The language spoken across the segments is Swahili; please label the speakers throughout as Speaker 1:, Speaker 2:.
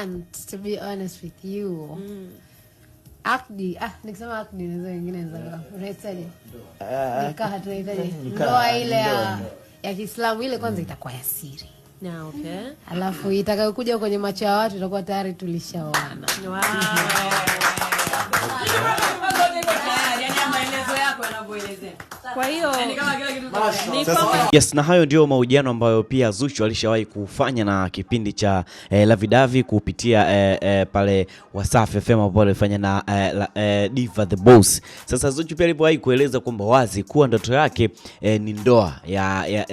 Speaker 1: want to be honest with you mm. akdi ah, akdi uh, ile ya, ya kiislamu ile kwanza mm. itakuwa ya siri okay. alafu itakayokuja kwenye macho ya watu itakuwa tayari tulishaoana
Speaker 2: wow. Kwa hiyo yaani
Speaker 3: yes, na hayo ndio mahojiano ambayo pia Zuchu alishawahi kufanya na kipindi cha eh, Lavidavi kupitia eh, eh, pale Wasafi FM ambao alifanya na eh, eh, Diva the Boss. Sasa Zuchu pia alipowahi kueleza kwamba wazi kuwa ndoto yake eh, ni ndoa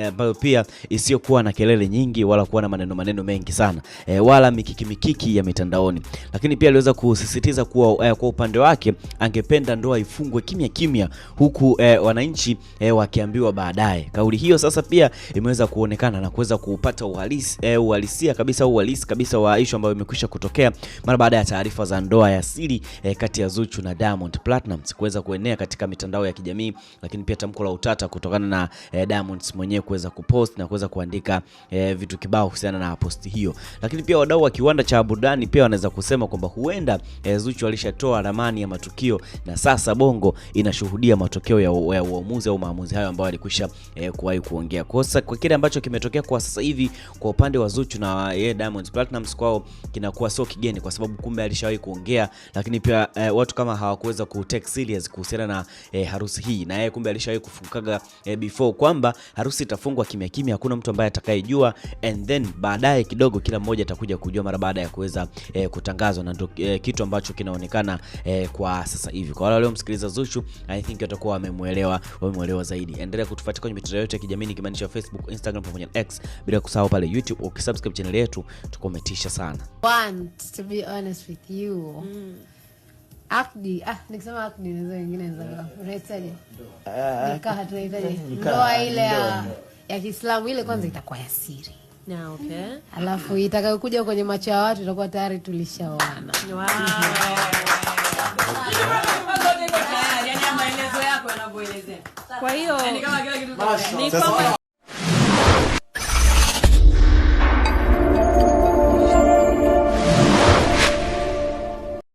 Speaker 3: ambayo pia isiyokuwa na kelele nyingi wala kuwa na maneno maneno mengi sana eh, wala mikiki mikiki ya mitandaoni, lakini pia aliweza kusisitiza kuwa eh, kwa upande wake angependa ndoa ifungwe kimya kimya huku eh, wananchi wananchi e, wakiambiwa baadaye. Kauli hiyo sasa pia imeweza kuonekana na kuweza kupata uhalisi e, uhalisia kabisa uhalisi kabisa wa issue ambayo imekwisha kutokea mara baada ya taarifa za ndoa ya siri e, kati ya Zuchu na Diamond Platnumz kuweza kuenea katika mitandao ya kijamii, lakini pia tamko la utata kutokana na e, Diamond mwenyewe kuweza kupost na kuweza kuandika e, vitu kibao kuhusiana na posti hiyo. Lakini pia wadau wa kiwanda cha burudani pia wanaweza kusema kwamba huenda e, Zuchu alishatoa ramani ya matukio na sasa Bongo inashuhudia matokeo ya, ya, maamuzi au maamuzi hayo ambayo alikwisha eh, kuwahi kuongea kosa. Kwa kile ambacho kimetokea kwa sasa hivi kwa upande wa Zuchu na eh, Diamond Platnumz kwao kinakuwa sio kigeni, kwa sababu kumbe alishawahi kuongea, lakini pia eh, watu kama hawakuweza ku take serious kuhusiana na eh, harusi hii, na yeye eh, kumbe alishawahi kufungaga eh, before kwamba harusi itafungwa kimya kimya, hakuna mtu ambaye atakayejua, and then baadaye kidogo kila mmoja atakuja kujua mara baada ya kuweza eh, kutangazwa, na ndo, eh, kitu ambacho kinaonekana eh, kwa sasa hivi. Kwa wale waliomsikiliza Zuchu, I think watakuwa wamemuelewa wameelewa zaidi. Endelea kutufuatia kwenye mitandao yote ya kijamii nikimaanisha Facebook, Instagram pamoja na X, bila kusahau pale YouTube. Ukisubscribe channel yetu tukometisha sana.
Speaker 1: Want to be honest with you. Mm. Akdi, ah, nikisema akdi nizo wengine nizo. Unaitaje? Ah. Nikaha tunaitaje? Ndoa ile ya ya Kiislamu ile kwanza itakuwa ya siri. Na okay. Alafu itakayokuja kwenye macho ya watu itakuwa tayari tulishaoana.
Speaker 2: Wow. kwa hiyo yaani ni kwamba